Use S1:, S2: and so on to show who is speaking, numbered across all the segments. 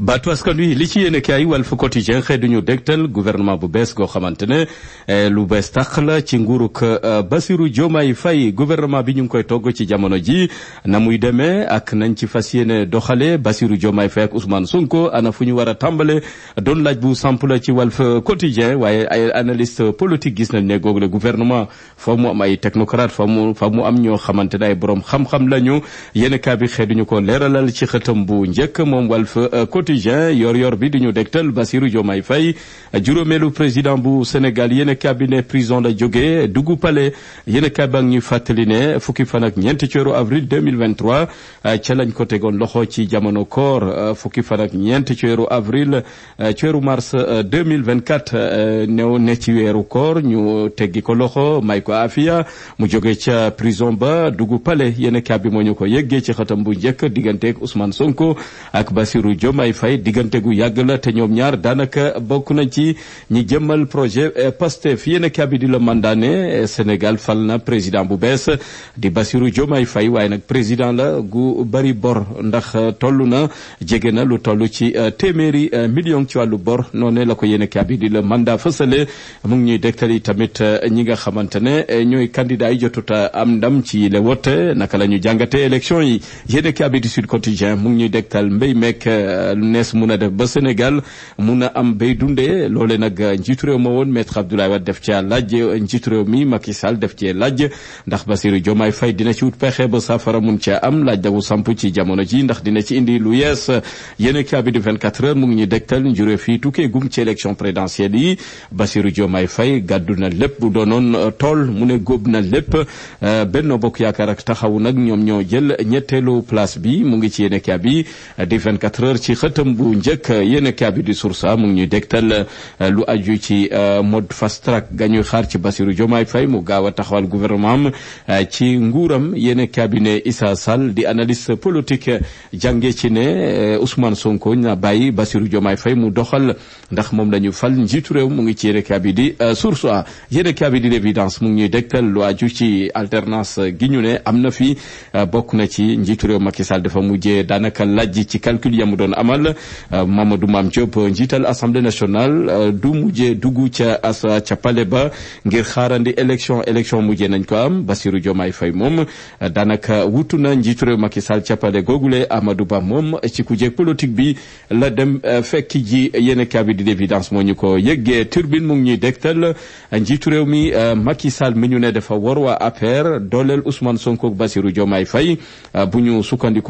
S1: baatu askan wi li ci yéen a kaay Walf Quotidien xëy duñu dégtal gouvernement bu bees goo xamante ne eh, lu bees tax la ci nguuruk eh, Bassirou Diomaye fay gouvernement bi ñu ngi koy togg ci jamono ji na muy demee ak nañ ci fas yéene doxale Bassirou Diomaye Faye ak Ousmane Sonko ana fu ñu war a tàmbale doon laaj bu sample ci Walf Quotidien waaye ay analyste politique gis nañ ne googu le gouvernement fa mu am ay technocrate fa mu fa mu am ñoo xamante ne ay borom xam-xam lañu yéen a kaay bi xëy ko leeralal ci njëkk moom eh, quotidien yor yor bi di ñu dégtal Bassirou Diomaye Faye juróomeelu président bu Sénégal yéen a cabinet prison la jógee dugg palais yéen a kabaang ñu fàttali ne fukki fan ak ñeenti ceeru avril 2023 euh, ca lañ ko tegoon loxo ci jamono koor euh, fukki fan ak ñeenti ceeru avril euh, ceeru mars 2024 new ne ci weeru koor ñu teggi ko loxo may ko afiya mu jóge ca prison ba dugg palais yéen a kabi moo ñu ko yëggee ci xatam bu njëkk digganteeg Ousmane Sonko ak Bassirou Diomaye fay diggante gu yàgg la te ñoom ñaar daanaka bokk na ci ñi jëmmal projet eh, Pastef yéen kabi di la mandaane eh, Sénégal fal na président bu bees di Bassirou Diomaye fay waaye nag président la gu bari bor ndax eh, toll na jege na lu toll ci téeméeri million ci wàllu bor noonu la ko yéen kabi di la mandat fësale mu ngi ñuy dégtali tamit ñi nga xamante ne ñooy candidat yi am ndam ci le wote naka la ñu jàngatee yi yéen kabi di Quotidien mu ñuy dégtal mbéy nees mun a def ba Sénégal mun a am bay dundee loole nag njiitu réew ma woon maître Abdoulaye Wade def cee laaj njiitu réew mi Macky Sall def cee laaj ndax Bassirou Diomaye fay dina ci wut pexe ba saafara mun cee am laaj dagu samp ci jamono ji ndax dina ci indi lu yees yéen kaabi vingt 24 heures mu ngi ñu dégtal njurée fii tukkee gum ci élection présidentielle yi Bassirou Diomaye fay gàddu na lépp bu doonoon uh, tool mu ne góob na lépp uh, Benno Bokk Yaakaar ak taxawu nag ñoom ñoo jël ñetteelu place bi mu ngi ci yéen kaabi xëtam bu njëkk yéen kaay di Source A mu ngi ñuy dégtal eh, lu aju ci eh, mode fast track ga xaar ci Bassirou Diomaye fay mu gaaw a taxawal gouvernement am eh, ci nguuram yéen cabinet Issa Sall di analyste politique jànge ci ne Ousmane Sonko na bàyyi Bassirou Diomaye fay mu doxal ndax moom la ñu fal njiitu réew mu ngi ci yéen kaay bi di Source A yéen kaay bi di mu ngi ñuy dégtal lu aju ci alternance gi ñu ne am na fi bokk na ci njiitu réew Macky Sall dafa mujjee lajj ci calcul nationale euh, Mamadou Mame Diop euh, njiital assemblée nationale euh, du mujjee dugg ca as ca pale ba ngir xaarandi élection élection mujjee nañ ko am Bassirou Diomaye fay moom daanaka wutu na njiitu réew Macky Sall ca pale Ba moom ci kujje politique bi la dem fekki ji yéen cabinet d'évidence moo ñu ko yëggee turbine mu ngi ñuy dégtal njiitu réew mi Macky Sall mi ñu ne defa war waa APR dooleel Ousmane Sonko ak Bassirou Diomaye Faye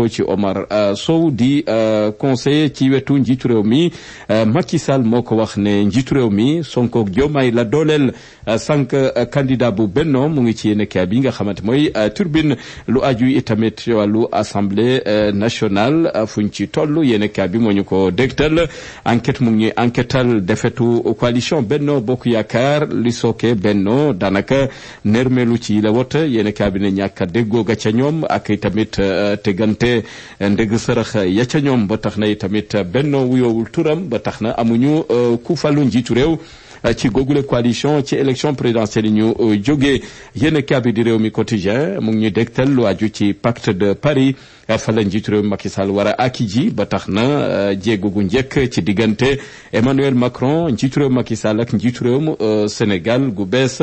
S1: ci Omar Sow di conseil foofee ci wetu njiitu réew mi euh, Macky Sall moo ko wax ne njiitu réew mi Sonko ak Diomaye la dooleel euh, sànq euh, candidat bu benno mu ngi ci yéen a bi nga xamante mooy turbin lu aju itamit wàllu assemblée nationale fuñ ci toll yéen bi moo ñu ko dégtal enquête mu ngi ñuy enquêtal defetu coalition benno bokk yaakaar li sooke benno daanaka nermelu ci la wota yéen a bi ne ñàkk a déggoo ñoom ak itamit tegante ndeg sërëx ya ñoom ba tax na itam tamit benno wuyoowul turam ba tax na amuñu euh, ku falu njiitu réew Euh, ci googule coalition ci élection présidentielle yi ñu euh, jógee yéen kaabi di réew mi quotidien mu ngi ñu dégtal lu aju ci pacte de Paris euh, fa la njiitu réew mi Macky Sall war a akki ji ba tax na jéego gu njëkk ci diggante Emmanuel Macron njiitu réew Macky Sall ak njiitu réewum Sénégal gu bees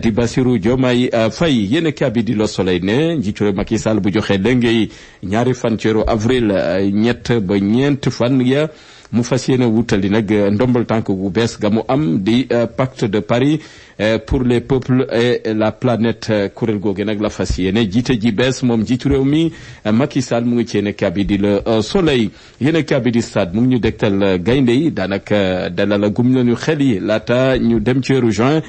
S1: di Bassirou Diomaye Faye yéen kaabi di Le Soleil ne njiitu réew Macky Sall bu joxe lënge yi ñaari fan ci weeru avril ñett ba ñeent fan ya mu fas yéene wutali nag euh, ndombal tànk bu bees ga mu am di euh, pacte de Paris euh, pour les peuples et la planète kuréel googe nag la fas yéene jiite ji bees moom jiitu réew mi Macky Sall mu ngi ci yéene kabi di le soleil yéene kabi di stade mu ngi ñu dégtal gaynde yi daanaka dalal gum nañu xel yi laata ñu dem ci weeru juin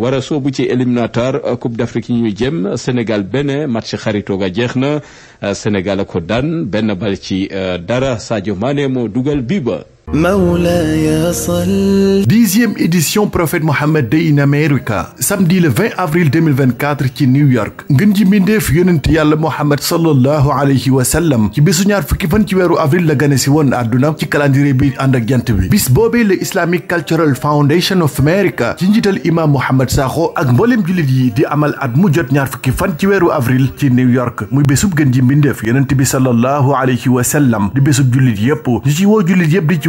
S1: war a soobu ci éliminatoire euh, Coupe d'Afrique yi ñu jëm Sénégal Bénin match xaritoo ga jeex na euh, Sénégal ko dan benn bal ci euh, dara Sadio Mané mo dugal
S2: bii ba Mawlaya salli. dixième édition prophète Mohammed Day in America samedi le 20 avril 2024 ci New York ngën ji mbindeef yonent yàlla Mohammed sallallahu alayhi wa sallam ci bisu ñaar fukki fan ci weeru avril la gane si woon àdduna ci calendrier bi ànd ak jant bi bis boobee le Islamic Cultural Foundation of America ci njiital imam Mohammed Sakho ak mbooleem jullit yi di amal at mu jot ñaar fukki fan ci weeru avril ci New York mu bésub gën ji mbindeef yonent bi sallallahu alayhi wa sallam di bésub jullit ci woo jullit yépp di ci